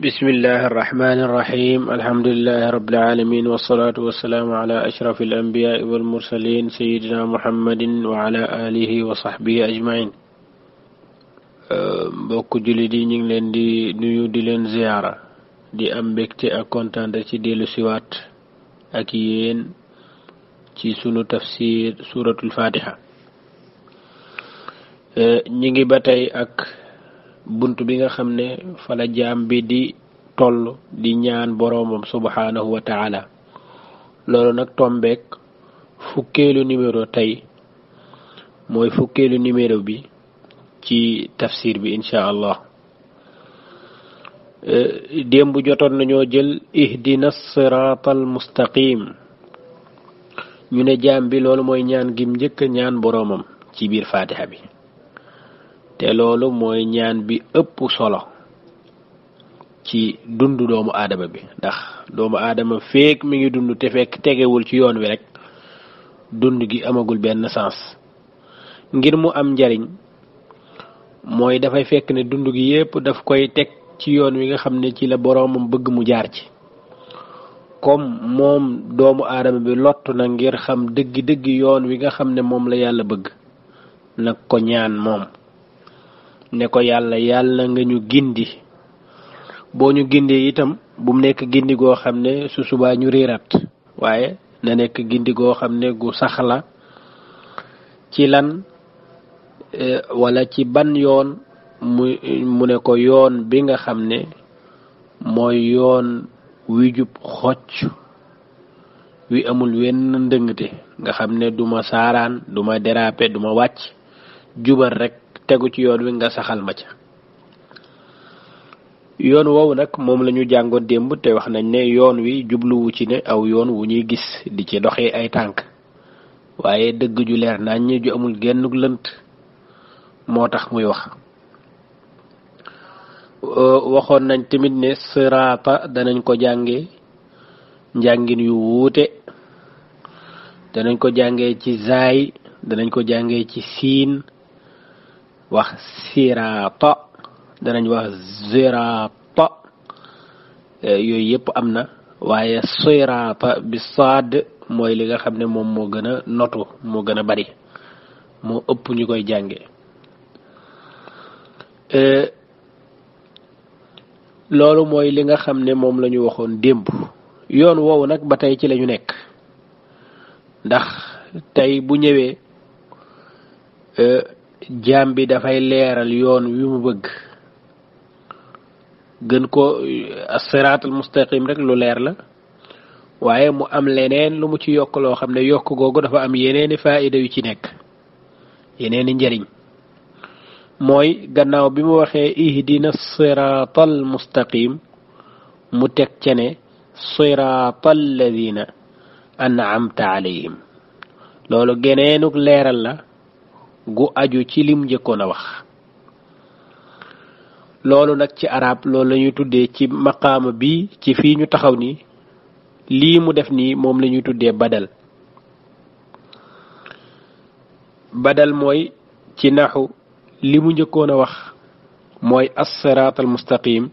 بسم الله الرحمن الرحيم الحمد لله رب العالمين والصلاة والسلام على أشرف الأنبياء والمرسلين سيدنا محمد وعلى آله وصحبه أجمعين بوكو جلدي نيغ لين دي نيو دي لين زيارة دي أم بكتي أكونتان دي دي لسوات أكيين تي سنو تفسير سورة الفاتحة نيغي باتاي أك buntu bi nga xam ne fa la jaam bi di toll di ñaan boroomam subhanahu wa taala loolu nag tombeek fukkeelu numéro tey mooy fukkeelu numéro bi ci tafsir bi insha allah eh, démb jotoon nañoo jël ihdina sirat almustaqim ñu ne jaam bi loolu mooy ñaan gim njëkk ñaan boroomam ci biir fatiha bi te loolu mooy ñaan bi ëpp solo ci dund doomu aadama bi ndax doomu aadama feek mi ngi dund te fekk tegewul ci yoon wi rek dund gi amagul benn sens ngir mu am njariñ mooy dafay fekk ne dund gi yépp daf koy teg ci yoon wi nga xam ne ci la boroomam bëgg mu jaar ci comme moom doomu aadama bi lott na ngir xam dëgg-dëgg yoon wi nga xam ne moom la yàlla bëgg nag ko ñaan moom ne ko yàlla yàlla nga ñu gindi boo ñu gindee itam bu mu nekk gindi goo xam ne su subaa ñu réeraat waaye na nekk gindi goo xam ne gu saxla ci lan e, wala ci ban yoon mu ne ko yoon bi nga xam ne mooy yoon wi jub xocc wi amul wenn ndëngte nga xam ne du ma saaraan duma ma déraper du ma wàcc jubal rekk tegu ci yoon wi nga saxal ma ca yoon woowu nag moom lañu ñu jàngoon démb te wax nañ ne yoon wi jubluwu ci ne aw yoon wu ñuy gis di ci doxee ay tànk waaye dëgg ju leer naññ ju amul genn lënt moo tax muy wax waxoon nañ tamit ne siraata danañ ko jànge njàngin yu wuute danañ ko jàngee ci zaay danañ ko jàngee ci siin wax siraata danañ wax ziraata eh, yooyu yëpp am na waaye siraata bi saad mooy li nga xam ne moom moo gën a notu moo gën a bari moo ëpp ñu koy jànge eh, loolu mooy li nga xam ne moom la waxoon démb yoon woowu nag ba tey ci lañu nekk ndax tey bu ñëwee eh, jaam bi dafay leeral yoon wi mu bëgg gën ko asiraatal mustaqim rek lu leer la waaye mu am leneen lu mu ci yokk loo xam ne yokk googu dafa am yeneeni faayida yu ci nekk yeneeni njariñ mooy gannaaw bi mu waxee ihdina siraatal mustaqim mu teg ca ne siraatal ladina an'amta alayhim loolu geneenuk leeral la gu aju ci limu njëkkoon a wax loolu nag ci arab loolu la ñuy tuddee ci maqaama bi ci fii ñu taxaw ni lii mu def nii moom la ñuy tuddee badal badal mooy ci naxu li mu njëkkoon a wax mooy as-siraat al-mustaqim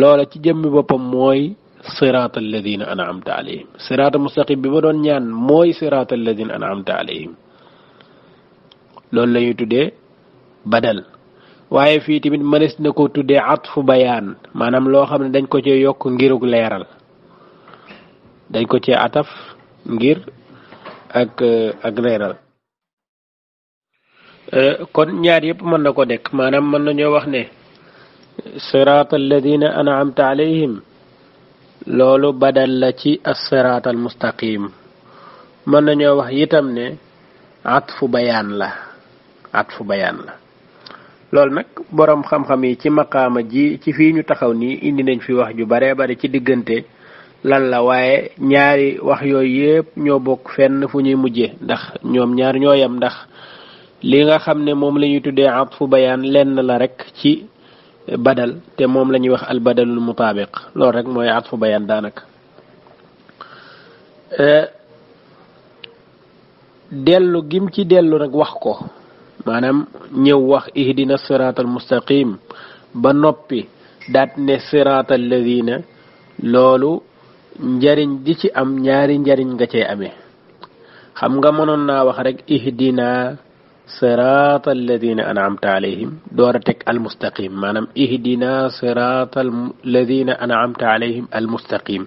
loola ci jëmmi boppam mooy siraat alladina an'amta alayhim siraat al-mustaqim bi ma doon ñaan mooy siraat alladina an'amta alayhim loolu la tuddee badal waaye fii tamit mënees na ko tuddee atfu bayaan maanaam loo xam ne dañ ko cee yokk ngirug leeral dañ ko cee ataf ngir ak euh, leeral euh, kon ñaar yëpp mën na ko dekk maanaam mën nañoo wax ne siraat alladina an'amta alayhim loolu badal la ci as-siraat al mustaqim mën nañoo wax itam ne atfu bayaan la atfu bayan. la lol nak borom xam-xam yi ci maqama ji ci fi ñu taxaw ni indi nañ fi wax ju bare bare ci diggante lan la waye ñaari wax yoy yépp ñoo bok fenn fu ñuy mujjé ndax ñom ñaar ñoo yam ndax li nga xamne ne lañu tuddé atfu bayan, lenn la rek ci badal te mom lañu wax al badalul mutabiq lol rek mooy atfu danak daanaka eh, Delu gim ci delu rek wax ko maanaam ñëw wax ihdina siraatal mustaqim ba noppi daat ne siraatal lazina loolu njariñ di ci am ñaari njariñ nga cee amee xam nga mënoon naa wax rek ihdina siraatal lazina an'amta alayhim door a teg almustaqim maanaam ihdina siraatal lazina an'amta alayhim almustaqim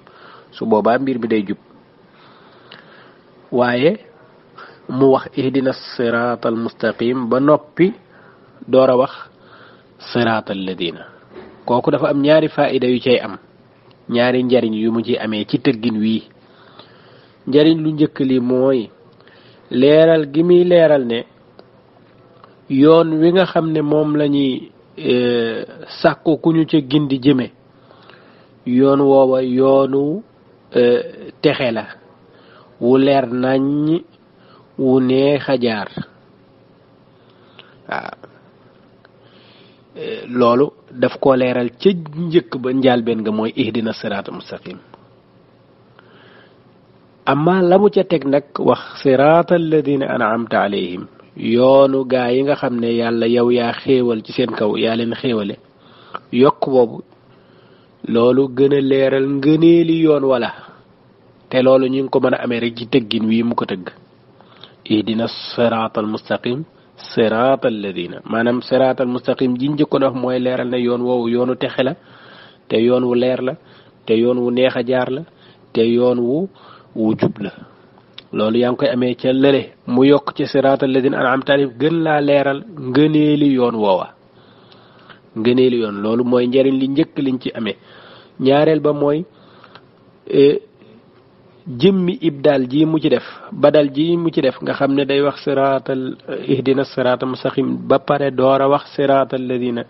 su boobaa mbir mi day jub waaye mu wax ihdina siraatal mustaqim ba noppi doora wax siraatal ladina kooku dafa am ñaari faayida yu cay am ñaari njariñ yu mu ci amee ci tëggin wii njariñ lu njëkk li mooy leeral gi muy leeral ne yoon wi nga xam ne moom lañuy e, sàkku ku ñu ca di jëme yoon woowa yoonu e, texe la wu leer naññ wu neex a jaar loolu daf ko leeral ca njëkk ba njaalbeen nga mooy ihdina siraata mustaqim amma la mu ca teg nag wax siraata alladina an'amta alayhim yoonu gaa yi nga xam ne yàlla yow yaa xéewal ci seen kaw yaa leen xéewale yokk boobu loolu gën a leeral ngëneeli yoon wala te loolu ñu ngi ko mën a amee rek ci tëggin wii mu ko tëgg ihdina siraatal mustaqim siraatal ladina maanaam siraatal mustaqim jiñ jëkkoon wax mooy leeral na yoon woowu yoonu texe la te yoon wu leer la te yoon wu neex a jaar la te yoon wu wu jub la loolu yaa ngi koy amee ca lële mu yokk ci siraatal ladina an'amta alayhim gën laa leeral ngëneeli yoon woowa ngëneeli yoon loolu mooy njariñ li njëkk liñ ci amee ñaareel ba mooy eh, jëmmi daal jii mu ci def badal ji mu ci def nga xam ne day wax siraatal ihdina siraatal mustaqim ba pare door a wax siraatal ladina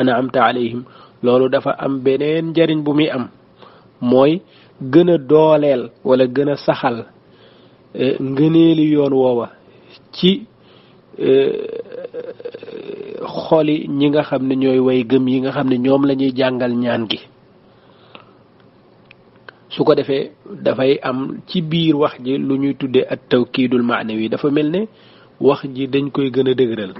an'amta alayhim loolu dafa am beneen njariñ bu muy am mooy gën a dooleel wala gën a saxal eh, ngëneeli yoon woowa ci eh, xoli ñi nga xam ne ñooy way gëm yi nga xam ne ñoom lañuy jàngal ñaan gi su ko defee dafay am ci biir wax ji lu ñuy tuddee at tawkiidul maanawi dafa mel ne wax ji dañ koy gën a dëgëral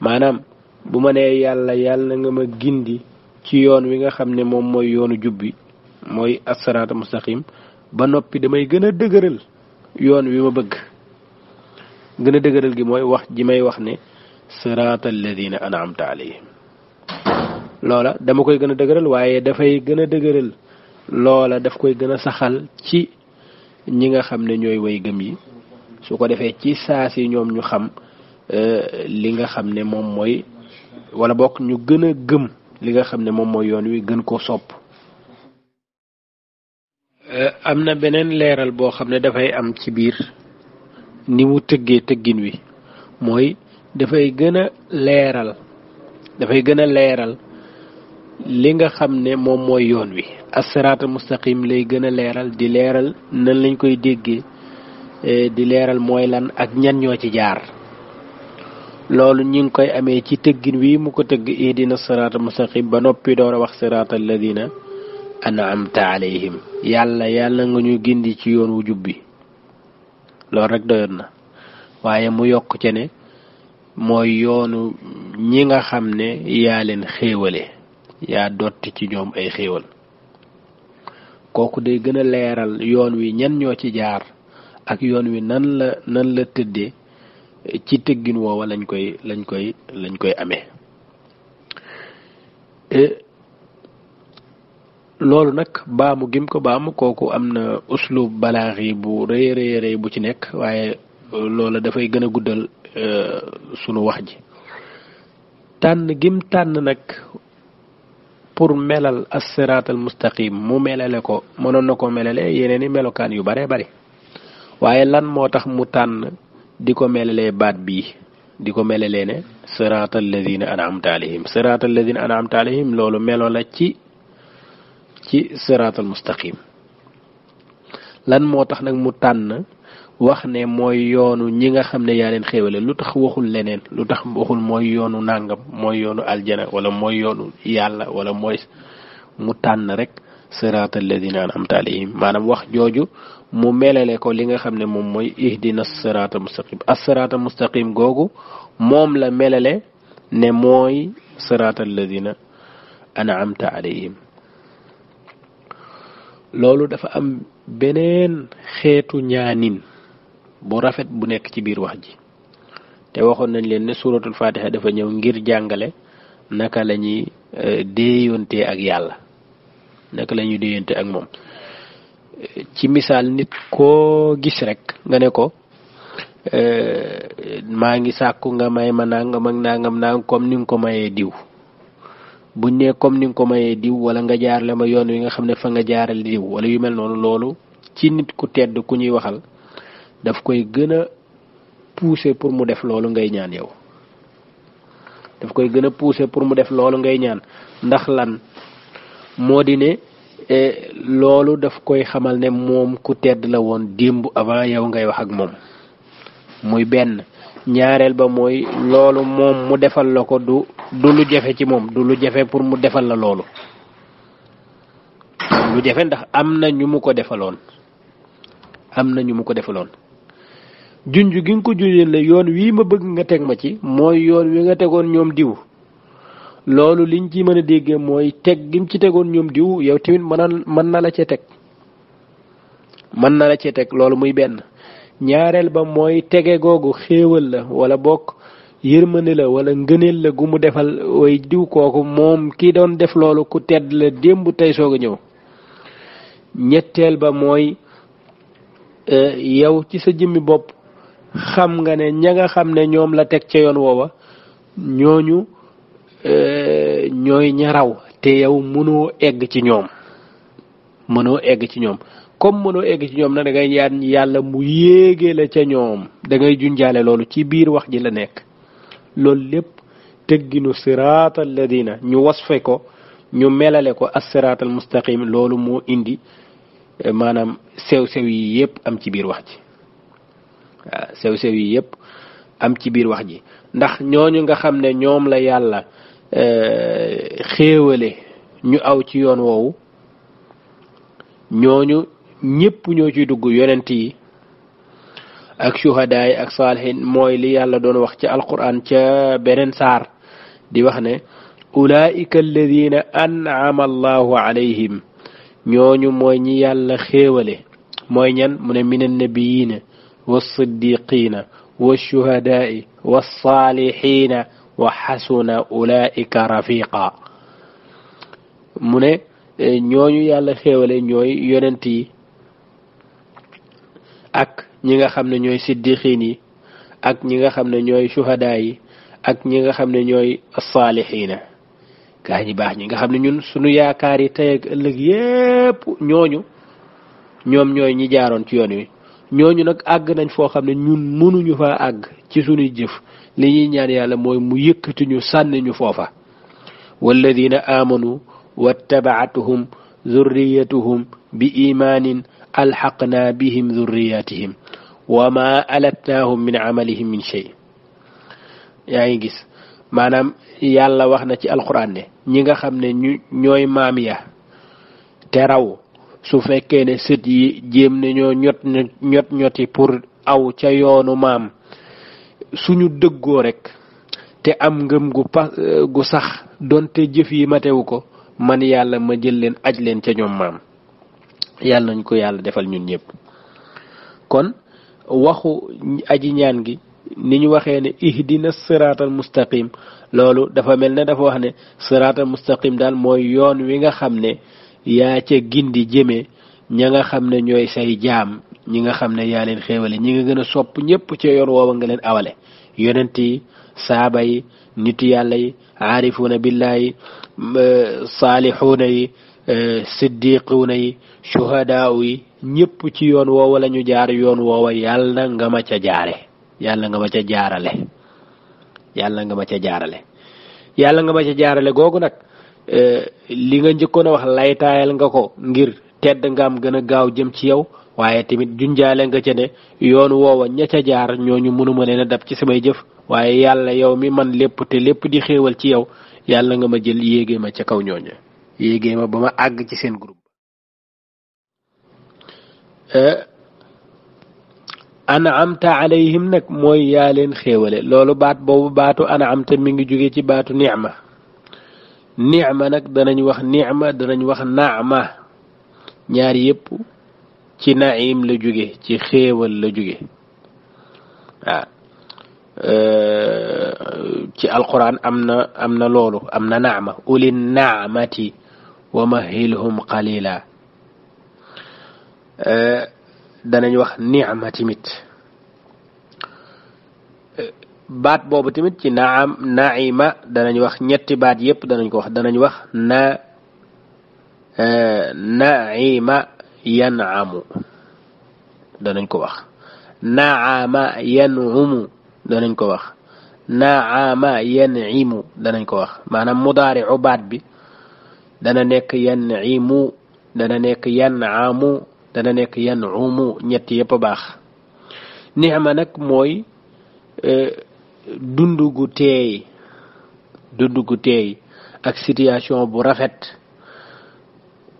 maanaam bu ma nee yàlla yàlla nga ma gindi ci yoon wi nga xam ne moom mooy yoonu jubbi mooy asaraata mustaqim ba noppi damay gën a dëgëral yoon wi ma bëgg gën a dëgëral gi mooy wax ji may wax ne siraata alladina anamta alayhim loola dama koy gën a waaye dafay gën a dëgëral loola daf koy gën a saxal ci ñi nga xam ne ñooy way gëm yi su ko defee ci saa si ñoom ñu xam euh, li nga xam ne moom mooy wala bokk gën a gëm li nga xam ne moom mooy yoon wi gën ko sopp euh, am na beneen leeral boo xam ne dafay am ci biir ni mu tëggee tëggin wi mooy dafay gën a leeral dafay gën a leeral li nga xam ne moom mooy yoon wi assiraatal mustaqim lay gën a leeral di leeral nan lañ koy dégge eh, di leeral mooy lan ak ñan ñoo ci jaar loolu ñu ngi koy amee ci tëggin wi mu ko tëgg ihdina siraatal mustaqim ba noppi door a wax siraatal ladina an'amta alayhim yàlla yàlla nga ñu gindi ci yoon wu jub bi loolu rek doyoon na waaye mu yokk ci ne mooy yoonu ñi nga xam ne yaa leen xéewale yaa dotti ci ñoom ay xéewal kooku day gën a leeral yoon wi ñan ñoo ci jaar ak yoon wi nan la nan la tëddee ci tëggin woowa lañ koy lañ koy lañ koy amee e, loolu nag baamu gim ko baamu kooku am na uslub balaax bu rëy rëy rëy bu ci nekk waaye e, loola dafay gën a guddal e, sunu wax ji tànn gim tànn nag pour melal as-siraat al-mustaqim mu melale ko mënoon na ko melale yeneen i melokaan yu bare bare waaye lan moo tax mu tànn di ko melale baat bii di ko melalee ne siraat alladina an'amta alayhim siraat alladina an'amta alayhim loolu melo la ci ci siraat al-mustaqim lan moo tax nag mu tànn wax ne mooy yoonu ñi nga xam ne yaa leen xéewale lu tax waxul leneen lu tax waxul mooy yoonu nàngam mooy yoonu aljana wala mooy yoonu yàlla wala mooy mu tànn rek siraata alladina anamta alayhim maanaam wax jooju mu melale ko li nga xam ne moom mooy ihdina siraata mustaqim assiraata mustaqim googu moom la melale ne mooy siraata alladina anamta alayhim loolu dafa am beneen xeetu ñaanin bu rafet bu nekk ci biir wax ji te waxoon nañ leen ne suratul fatiha dafa ñëw ngir jàngale naka la ñuy e, déeyonte ak yàlla naka la ak moom ci misaal nit koo gis rek nga ne ko e, maa ngi sàkku nga may ma nangam ak nangam nang comme ni nga ko mayee diw bu ne comme ni nga ko mayee diw wala nga jaarale ma yoon wi nga xam fa nga jaaral diw wala yu mel noonu loolu ci nit ku tedd ku ñuy waxal daf koy gën a pousser pour mu def loolu ngay ñaan yow daf koy gën a pousser pour mu def loolu ngay ñaan ndax lan moo di ne e, loolu daf koy xamal ne moom ku tedd la woon démb avant yow ngay wax ak moom muy benn ñaareel ba mooy loolu moom mu defal la ko du du lu jafe ci moom du lu jafe pour mu defal la loolu lu jafe ndax am na ñu mu ko defaloon am na ñu mu ko defaloon junj gi nga ko junjee la yoon wii ma bëgg nga teg ma ci mooy yoon wi nga tegoon ñoom diw loolu liñ ci mën a déggee mooy teg gim ci tegoon ñoom diw yow tamit mën na la cee teg mën na cee teg loolu muy benn ñaareel ba mooy tege googu xéewal la wala bokk yërmande la wala ngëneel la gu mu defal way diw kooku moom ki doon def loolu ku tedd la démb tey soog a ñëw ñetteel ba mooy eh, yow ci sa jëmmi bopp xam nga ne ña nga xam ne ñoom la teg cee yoon woowa ñooñu eh, ñooy ñaraw te yow mënoo egg ci ñoom mënoo egg ci ñoom comme mënoo egg ci ñoom nag da ngay yaan yàlla mu yéegee la ca ñoom dangay ngay junjaale loolu ci biir wax ji la nekk loolu lépp tëgginu siraat alladina ñu wasfe ko ñu melale ko as siraat al mustaqim loolu moo indi eh, maanaam sew-sew yi yépp am ci biir wax ji sew-sew yi yëpp am ci biir wax ji ndax ñooñu nga xam ne ñoom la yàlla euh, xéewale ñu aw ci yoon woowu ñooñu ñépp ñoo ciy dugg yonent yi ak shuhadaa yi ak saalihin mooy li yàlla doon wax ci alquran ca beneen saar di wax ne ulaika alladina an'ama allahu alayhim ñooñu mooy ñi yàlla xéewale mooy ñan mu ne minan nabiyiina والصديقين والشهداء والصالحين وحسن أولئك رفيقا mu ne eh, ñooñu yàlla xéewale ñooy yonent yi ak ñi nga xam ne ñooy siddiqiin yi ak ñi nga xam ne ñooy shuhadaa yi ak ñi nga xam ne ñooy saalixiina gaa ñi baax ñi nga xam ne ñun suñu yaakaar yi tey ak ñooñu ñoom ñooy ñi jaaroon ci yoon wi ñooñu nag àgg nañ foo xam ne ñun mënuñu faa àgg ci sunuy jëf li ñuy ñaar yàlla mooy mu yëkkati ñu sànni ñu foofa walladina amanu wattabaatuhum zurriyatuhum bi imaanin alxaqnaa bihim zurriyatihim wa ma alatnaahum min amalihim min shay yaa ngi gis maanaam yàlla wax na ci alquran ne ñi nga xam ne ñooy maam ya te raw su fekkee ne sët yi jéem nañoo ñot ñot ñoti pour aw ca yoonu maam suñu dëggoo rekk te am ngëm gu pa euh, gu sax donte jëf yi matewu ko man yàlla ma jël leen aj leen ca ñoom maam yàlla nañ ko yàlla defal ñun ñëpp kon waxu aji ñaan gi ni ñu waxee ne ihdina siraatal mustaqim loolu dafa mel ne dafa wax ne siraatal mustaqim daal mooy yoon wi nga xam ne yaa ca gindi jëme ña nga xam ne ñooy say jaam ñi nga xam ne yaa leen xéewale ñi nga gën a sopp ñépp ci yoon woowa nga leen awale yonent yi saaba yi nitu yàlla yi aarifuuna billaahi eh, saalihuuna yi eh, siddiquuna yi shuhadaaw yi ñëpp ci yoon woowa la ñu jaar yoon woowa yàlla nga ma ca jaare yàlla nga ma ca jaarale yàlla nga ma ca jaarale yàlla nga ma ca jaarale googu nag Eh, li nga njëkkoon a wax laytaayal nga ko ngir tedd nga am gën a gaaw jëm ci yow waaye tamit junjaale nga ca ne yoon woowa ña ca jaar ñooñu mënuma leen a dab ci samay jëf waaye yàlla yow mi man lépp te lépp di xéewal ci yow yàlla nga ma jël yéegee ma ca kaw ñooña yéegee ma ba ma àgg ci seen groupe yi eh, alayhim nag mooy yaa leen xéewale loolu baat boobu baatu anamta mi ngi jóge ci baatu ni'ma ni'ma nag danañ wax ni'ma danañ wax naama ñaar yépp ci naim la jóge ci xéewal la jóge ci alquran am na am na loolu am na naama uli naamati wa mahilhum qalila danañ wax ni'ma timit baat boobu tamit ci na naam naima danañ wax ñetti baat yépp danañ ko wax danañ wax na eh, naima yanaamu danañ ko wax naama yanumu danañ ko wax na naama yanimu danañ ko wax maanaam mudaaricu baat bi dana nekk yanimu dana nekk yanaamu dana nekk yanumu ñetti yépp baax mooy eh, dund gu teey dund gu teey ak situation bu rafet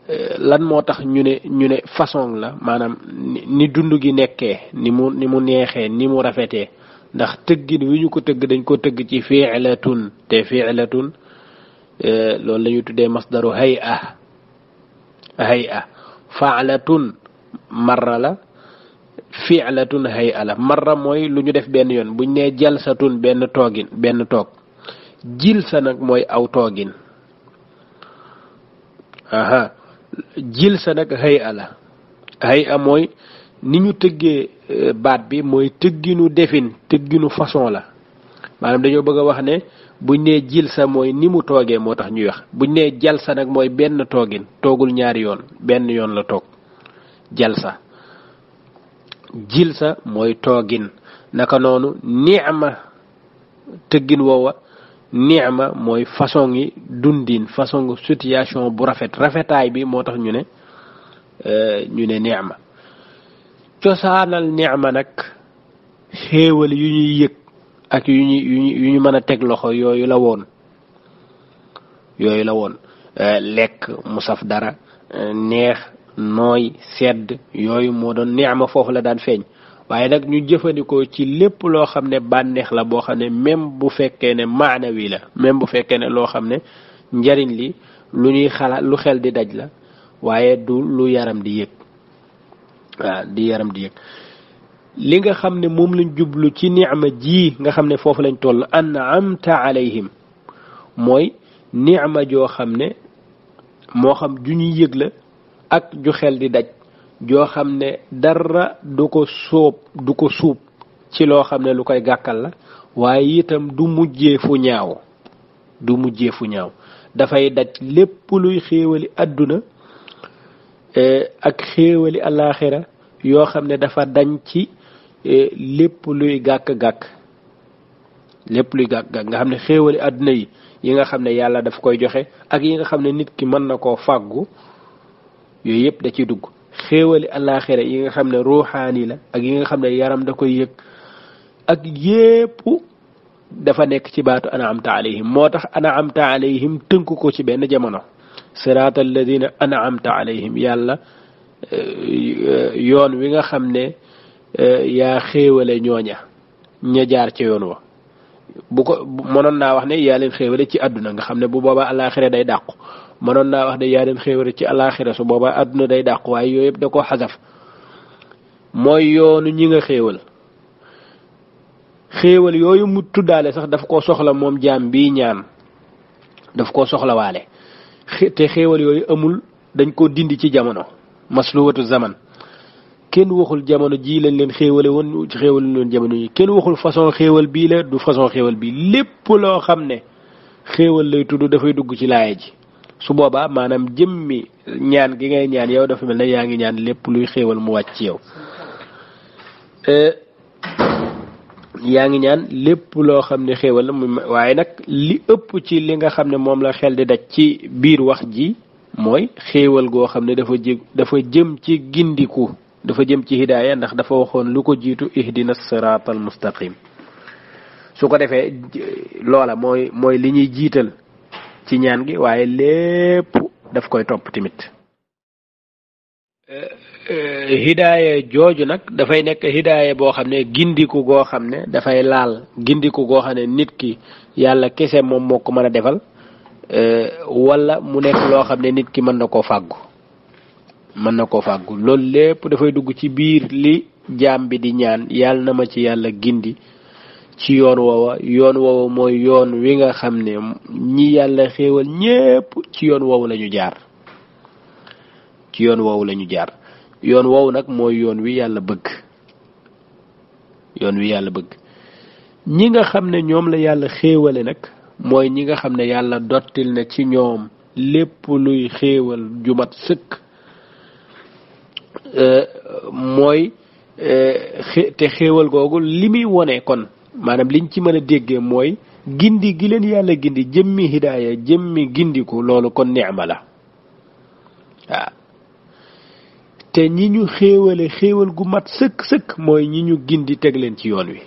eh, lan moo tax ñu ne ñu ne façon la maanaam ni dund gi nekkee ni mu ni mu neexee ni mu rafetee ndax tëggin wi ñu ko tëgg dañ ko tëgg ci fiilatun te fiilatun eh, loolu lañuy tuddee masdaru hay a hay a faalatun marra la fi'latun hay'ala marra mooy lu ñu def benn yoon buñ nee jalsatun benn toogin benn toog jilsa nag mooy aw toogin aha jilsa nag hay'ala hay'a mooy ni ñu tëggee euh, baat bi mooy tëgginu defin tëgginu façon la maanaam dañoo bëgg a wax ne buñ nee jilsa mooy ni mu toogee moo tax ñuy wax buñ nee jalsa nag mooy benn toogin toogul ñaari yoon benn yoon la toog jalsa jilsa mooy toogin naka noonu ni'ma tëggin woowa ni'ma mooy façon yi dundin façon situation bu rafet rafetaay bi moo tax ñu ne euh, ñu ne ni'ma cosaanal ni'ma nag xéewal yu ñuy yëg ak yu ñu mën a teg loxo yooyu la woon yooyu la woon euh, lekk mu saf dara euh, neex nooy sedd yooyu moo doon neexma foofu la daan feeñ waaye nag ñu jëfandikoo ci lépp loo xam ne bànneex la boo xam ne même bu fekkee ne maanawi la même bu fekkee ne loo xam ne njariñ li lu ñuy xalaat lu xel di daj la waaye du lu yaram di yëg waaw di yaram di yëg li nga xam ne moom lañ jublu ci neexma ji nga xam ne foofu lañ toll an amta alayhim mooy neexma joo xam ne moo xam ju ñuy yëg la ak ju xel di daj joo xam ne dara du ko sóob du ko suub ci loo xam ne lu koy gàkkal la waaye itam du mujjee fu ñaaw du mujjee fu ñaaw dafay daj lépp luy xéewali àdduna eh, ak xéewali alaaxira yoo xam ne dafa dañ ci eh, lépp luy gàkk-gàkk lépp luy gàkk-gàkk nga xam ne xéewali àdduna yi yi nga xam ne yàlla daf koy joxe ak yi nga xam ne nit ki mën na koo fàggu yooyu yëpp da ciy dugg xéewali àllaaxira yi nga xam ne ruuxaani la ak yi nga xam ne yaram da koy yëg ak yépp dafa nekk ci baatu an'amta alayhim moo tax an'amta alayhim tënk ko ci benn jamono siraata alladina an'amta alayhim yàlla eh, yoon wi nga xam ne eh, yaa xéewale ñooña ña jaar ci yoon wa bu ko mënoon naa wax ne yaa leen xéewale ci àdduna nga xam ne bu boobaa àllaaxira day dàqu mënoon naa wax ne yaa dem xéewal ci alaaxira su boobaa àdduna day dàq waaye yooyu yëpp da ko xasaf mooy yoonu ñi nga xéewal xéewal yooyu mu sax daf koo soxla moom jaam bii ñaan daf koo soxlawaale te xéewal yooyu amul dañ ko dindi ci jamono masluwatu zaman kenn waxul jamono jii lañ leen xéewale woon xéewale leen jamono yi kenn waxul façon xéewal bii la du façon xéewal bii lépp loo xam ne xéewal lay tudd dafay dugg ci laaya ji su boobaa maanaam jëmmi ñaan gi ngay ñaan yow dafa mel ne yaa ngi ñaan lépp luy xéewal mu wàcc ci yaw eh, yaa ngi ñaan lépp loo xam ne xéewal la waaye nag li ëpp ci li nga xam ne moom la xel di daj ci biir wax ji mooy xéewal goo xam ne dafa jë dafa jëm ci gindiku dafa jëm ci hidaaya ndax dafa waxoon lu ko jiitu ihdina siraatal mustaqim su ko defee loola mooy mooy li ñuy jiital ci ñaan gi waaye lépp daf koy topp tamit eh, eh, hidaaya jooju nag dafay nekk hidaaya boo xam ne gindiku goo xam ne dafay laal gindiku goo xam ne nit ki yàlla kese moom moo ko mën a defal eh, walla mu nekk loo xam ne nit ki mën na koo fàggu mën na koo fàggu loolu lépp dafay dugg ci biir li jaam bi di ñaan yàlla na ma ci yàlla gindi ci yoon woowa yoon woowa mooy yoon wi nga xam ne ñi yàlla xéewal ñépp ci yoon woowu lañu jaar ci yoon woowu lañu jaar yoon woowu nag mooy yoon wi yàlla bëgg yoon wi yàlla bëgg ñi nga xam ne ñoom la yàlla xéewale nag mooy ñi nga xam ne yàlla dottil na ci ñoom lépp luy xéewal jumat sëkk euh, mooy euh, te xéewal googu li muy wone kon maanaam liñ ci mën a déggee mooy gindi gi leen yàlla gindi jëmmi hidaaya jëmmi gindiku loolu kon neema la waaw te ñi ñu xéewale xéewal gu mat sëkk sëkk mooy ñi ñu gindi teg leen ci yoon wi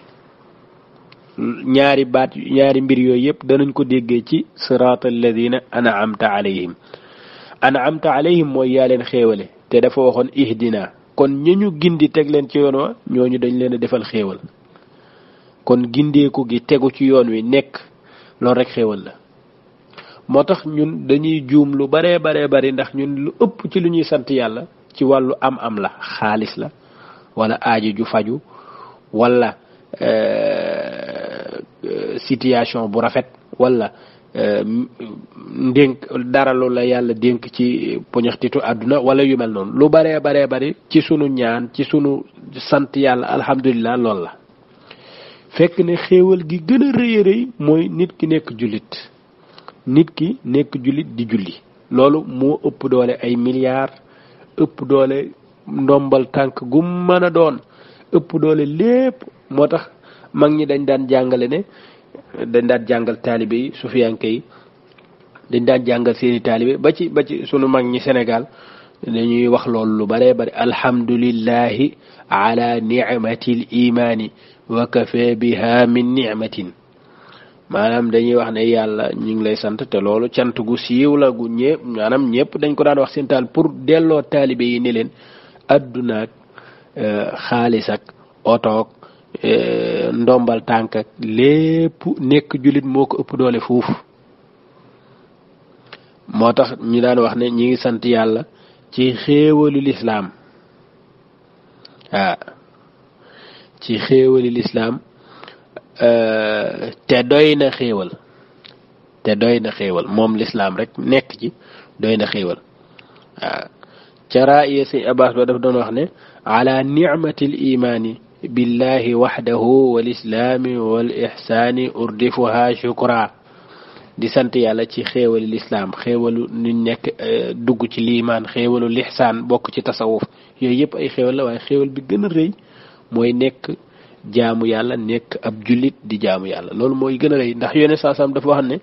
ñaari baat ñaari mbir yooyu yëpp danañ ko déggee ci siraat alladina an'amta alayhim an'amta alayhim mooy yaa leen xéewale te dafa waxoon ihdina kon ñi ñu gindi teg leen ci yoon wa ñooñu dañu leen defal xéewal kon gindeeku gi tegu ci yoon wi nekk loolu rek xéewal la moo tax ñun dañuy juum lu baree baree bari ndax ñun lu ëpp ci lu ñuy sant yàlla ci wàllu am-am la xaalis la wala aaji ju faju wala euh, situation bu rafet wala euh, ndénk dara lu la yàlla dénk ci poñaxtitu àdduna wala yu mel noonu lu baree baree bari ci sunu ñaan ci sunu sant yàlla alhamdulilah lool la. fekk ne xéewal gi gën a rëy mooy nit ki nekk jullit nit ki nekk jullit di julli loolu moo ëpp doole ay milliards ëpp doole ndombal tànk gu mën doon ëpp doole lépp moo tax mag ñi dañ daan jàngale ne dañ daan jàngal taalibe yi sufiyanke yi dañ daan jàngal seeni taalibe ba ci ba ci sunu mag ñi Sénégal dañuy wax loolu lu bare bare alhamdulillahi ala ni'matil imaani wakafee bi min nicmatin maanaam dañuy wax ne yàlla ñu ngi lay sant te loolu cant gu siiw la gu ñëpp maanaam ñëpp dañ ko daan wax seen taal pour delloo taalibe yi ne leen addunaak euh, xaalis ak otoog euh, ndombal tànk ak lépp nekk jullit moo ko ëpp doole foofu moo tax ñu daan wax ne ñi ngi sant yàlla ci xéewalu lislaam waaw ci xéewali lislaam euh, te doy na xéewal te doy na xéewal moom lislaam rek nekk ci doy na xéewal ca raaya sëñ abbas ba daf doon wax ne ala nicmati l billahi waxdahu wal islaami wal ixsaani urdifuha di sant yàlla ci xéewalu lislaam xéewalu ñu nekk euh, dugg ci limaan xéewalu lixsaan bokk ci tasawuf yooyu yëpp ay xéewal la waaye xéewal bi gën rëy mooy nekk jaamu yàlla nekk ab jullit di jaamu yàlla loolu mooy gën a rëy ndax yone saasam dafa wax ne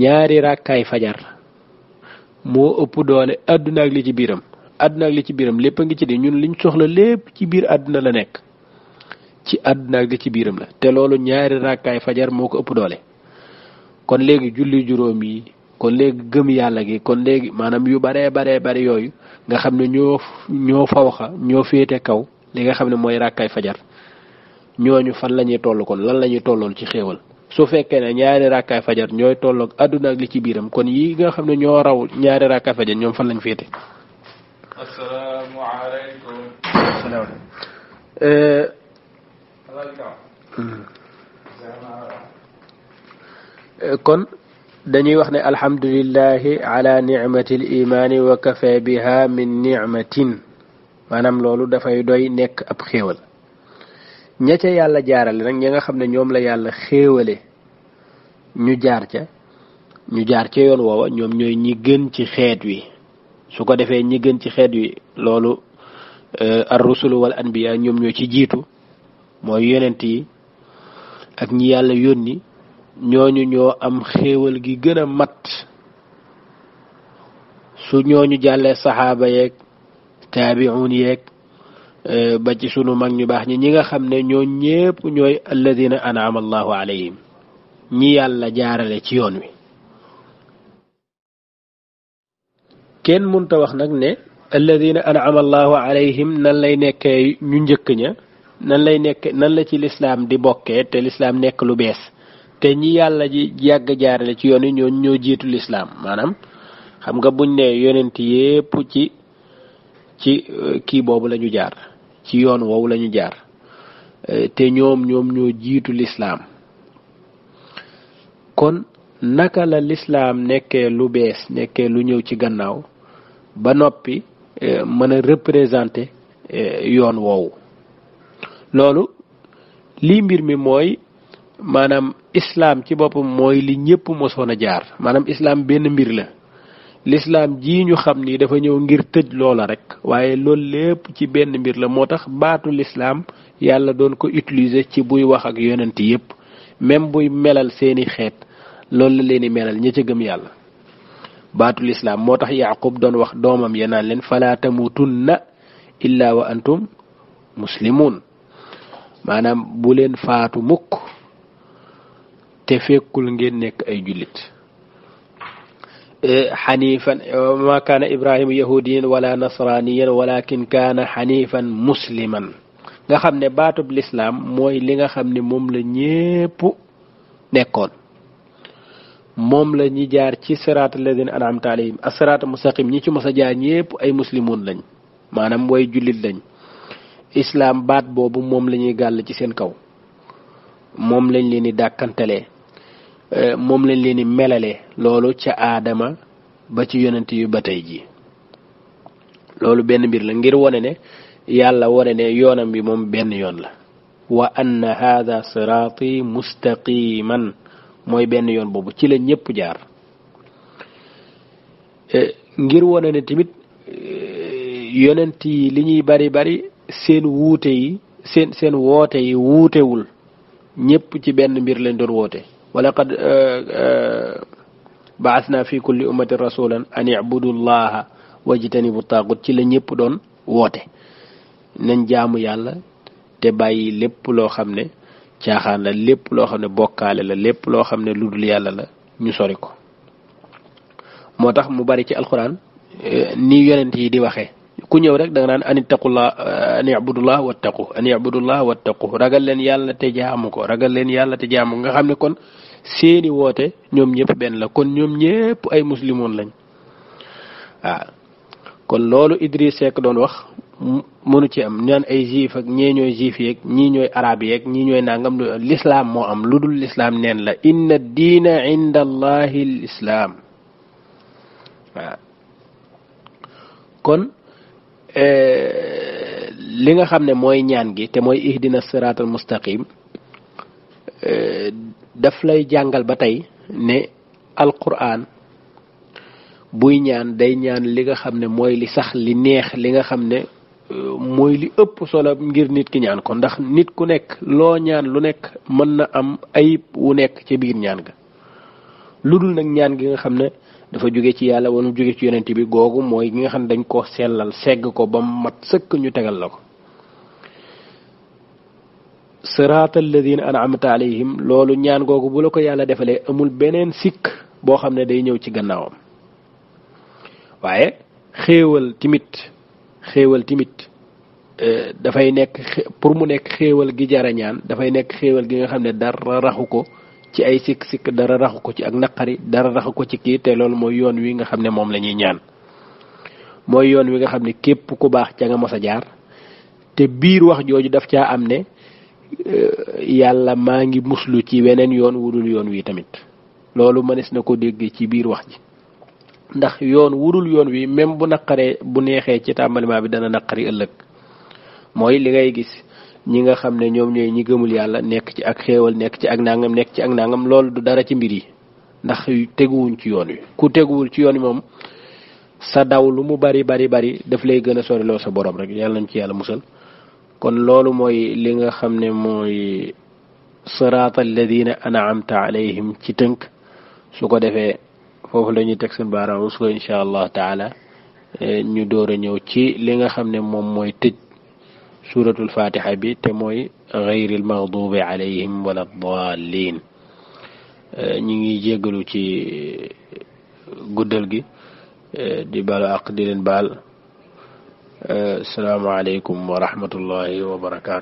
ñaari ràkkaay fajar moo ëpp doole àdduna ak li ci biiram àdduna ak li ci biiram lépp a ngi ci di ñun liñ soxla lépp ci biir àdduna la nekk ci àdduna ak li ci biiram la te loolu ñaari ràkkaay fajar moo ko ëpp doole kon léegi julli juróom yi kon léegi gëm yàlla gi kon léegi maanaam yu baree baree bari yooyu nga xam ne ñoo ñoo fawxa ñoo féete kaw li nga xam ne mooy ràkkaay fajar ñooñu fan lañuy ñuy kon lan la ñuy tollool ci xéewal su fekkee ne ñaari ràkkaay fajar ñooy tolloog àdduna ak li ci biiram kon yi nga xam ne ñoo raw ñaari ràkkaay fajar ñoom fan lañu féete eh, kon dañuy wax ne alhamdulillahi ala nicmati al imaani wa min nicmatin maanaam loolu dafay doy nekk ab xéewal ña ca yàlla jaarale nag ña nga xam ne ñoom la yàlla xéewale ñu jaar ca ñu jaar ca yoon woowa ñoom ñooy ñi gën ci xeet wi su ko defee ñi gën ci xeet wi loolu euh, ar rusulu wal anbiya ñoom ñoo ci jiitu mooy yonent yi ak ñi yàlla yónni ñooñu ñoo am xéewal gi gën a mat su ñooñu jàllee saxaaba yeeg taabi'un yeeg euh, ba ci sunu mag ñu baax ñi ñi nga xam ne ñoo ñépp ñooy alladina anaama allahu alayhim ñi yàlla jaarale ci yoon wi kenn munta wax nag ne alladina anaama allahu alayhim nan lay nekkee ñu njëkk ña nan lay nekk nan la ci lislaam di bokkee te lislaam nekk lu bees te ñi yàlla ji yàgg jaarale ci yoon wi ñoo ñoo jiitu lislaam maanaam xam nga buñ ne yonent yépp ci ci euh, kii boobu la ñu jaar ci yoon woowu lañu jaar euh, te ñoom ñoom ñoo jiitu lislaam kon naka la lislaam nekkee lu bees nekkee lu ñëw ci gannaaw ba noppi euh, mën a représenter yoon woowu loolu lii mbir mi mooy maanaam islaam ci boppam mooy li ñëpp mosoon a jaar maanaam islaam benn mbir la lislaam ji ñu xam ni dafa ñëw ngir tëj loola rek waaye lool lépp ci benn mbir la moo tax baatu lislaam yàlla doon ko utilise ci buy wax ak yonent yépp même buy melal seeni xeet loolu la leen di melal ña ca gëm yàlla baatu lislaam moo tax yaqub doon wax doomam ya naan leen falaa tamutunna illaa wa antum muslimun maanaam bu leen faatu mukk te fekkul ngeen nekk ay jullit xanifan ma kaana ibrahima yahudiyan wala nasraniyan walakin kaana xanifan musliman nga xam ne baatub lislaam mooy li nga xam ne moom la ñépp nekkoon moom la ñi jaar ci siraat alladina anamta alayhim asiraat mustaqim ñi ci mos a jaar ñépp ay muslimoon lañ maanaam way jullit lañ islaam baat boobu moom lañuy ñuy gàll ci seen kaw moom lañ leen di dàkkantalee Eh, moom lañ leeni melale loolu ca aadama ba ci yonent yu ba tey ji loolu benn mbir la ngir wone ne yàlla wone ne yoonam bi moom benn yoon la wa anna hada sirati mustaqiman mooy benn yoon boobu ci la ñépp jaar eh, ngir wone ne tamit eh, yonent yi li ñuy bari bari seen wuute yi seen seen woote yi wuutewul ñépp ci benn mbir lañ doon woote walaqad baasna fi kulli ummatin rasulan an ibudu llaha bu taagut ci la ñëpp doon woote nañ jaamu yàlla te bàyyi lépp loo xam ne caaxaan la lépp loo xam ne bokkaale la lépp loo xam ne lu dul yàlla la ñu sori ko moo tax mu bari ci alxuraan eh, ni yonent yi di waxee ku ñëw rek da nga naan an ittaqullah eh, an yabudullah wattaqu an yabudullah wattaqu ragal leen yàlla te jaamu ko ragal leen yàlla te jaamu nga xam ne kon seeni woote ñoom ñëpp benn la kon ñoom ñëpp ay muslimoon lañ waaw kon loolu Idriss Seck doon wax mënu ci am ñaan ay juif ak ñee ñooy juif yeeg ñii ñooy arab yeeg ñii ñooy nangam lislaam moo am lu dul lislaam neen la inna diina inda allahi lislaam waaw Euh, li nga xam ne mooy ñaan gi te mooy ihdina siraatal mustaqim euh, daf lay jàngal ba tey ne alquran buy ñaan day ñaan li nga xam ne mooy li sax li neex li nga xam ne euh, mooy li ëpp solo ngir nit ki ñaan ko ndax nit ku nekk loo ñaan lu nekk mën na am ayib wu nekk ci biir ñaan ga lu dul nag ñaan gi nga xam ne dafa jóge ci yàlla wala jóge ci yonent bi googu mooy ñi nga xam ne dañ ko sellal segg ko ba mat sëkk ñu tegal la ko siraatal ladina an'amta alayhim loolu ñaan googu bu la ko yàlla defalee amul beneen sikk boo xam ne day ñëw ci gannaawam waaye xéewal timit xéewal timit euh, dafay nekk pour mu nekk xéewal gi ñaan dafay nekk xéewal gi nga xam ne dara raxu ko ci ay sikk-sikk dara raxu ko ci ak naqari dara raxu ko ci kii te loolu mooy yoon wi nga xam ne moom la ñuy ñaan mooy yoon wi nga xam ne képp ku baax ca nga mos a jaar te biir wax jooju daf caa am ne euh, yàlla maa ngi muslu ci weneen yoon wudul yoon wi tamit loolu mënees na ko dégg ci biir wax ji ndax yoon wudul yoon wi même bu naqaree bu neexee ci tàmbaliment bi dana naqari ëllëg mooy li ngay gis ñi nga xam ne ñoom ñooy ñi gëmul yàlla nekk ci ak xéewal nekk ci ak nangam nekk ci ak nangam loolu du dara ci mbir yi ndax teguwuñ ci yoon wi ku teguwul ci yoon wi moom sa daw lu mu bari bari bari daf lay gën a soriloo sa borom rek yàlla nañ ci yàlla musal kon loolu mooy li nga xam ne mooy siraata alladina an'amta alayhim ci tënk su ko defee foofu lañuy teg seen baaraam su ko incha allah taala eh, ñu door a ñëw ci li nga xam ne moom mooy tëj suuratul fatiha bi te mooy gayril maxdubi alayhim wala daalin ñi ngi jéggalu ci guddal gi di baalu àq di leen baal salaamaaleykum wa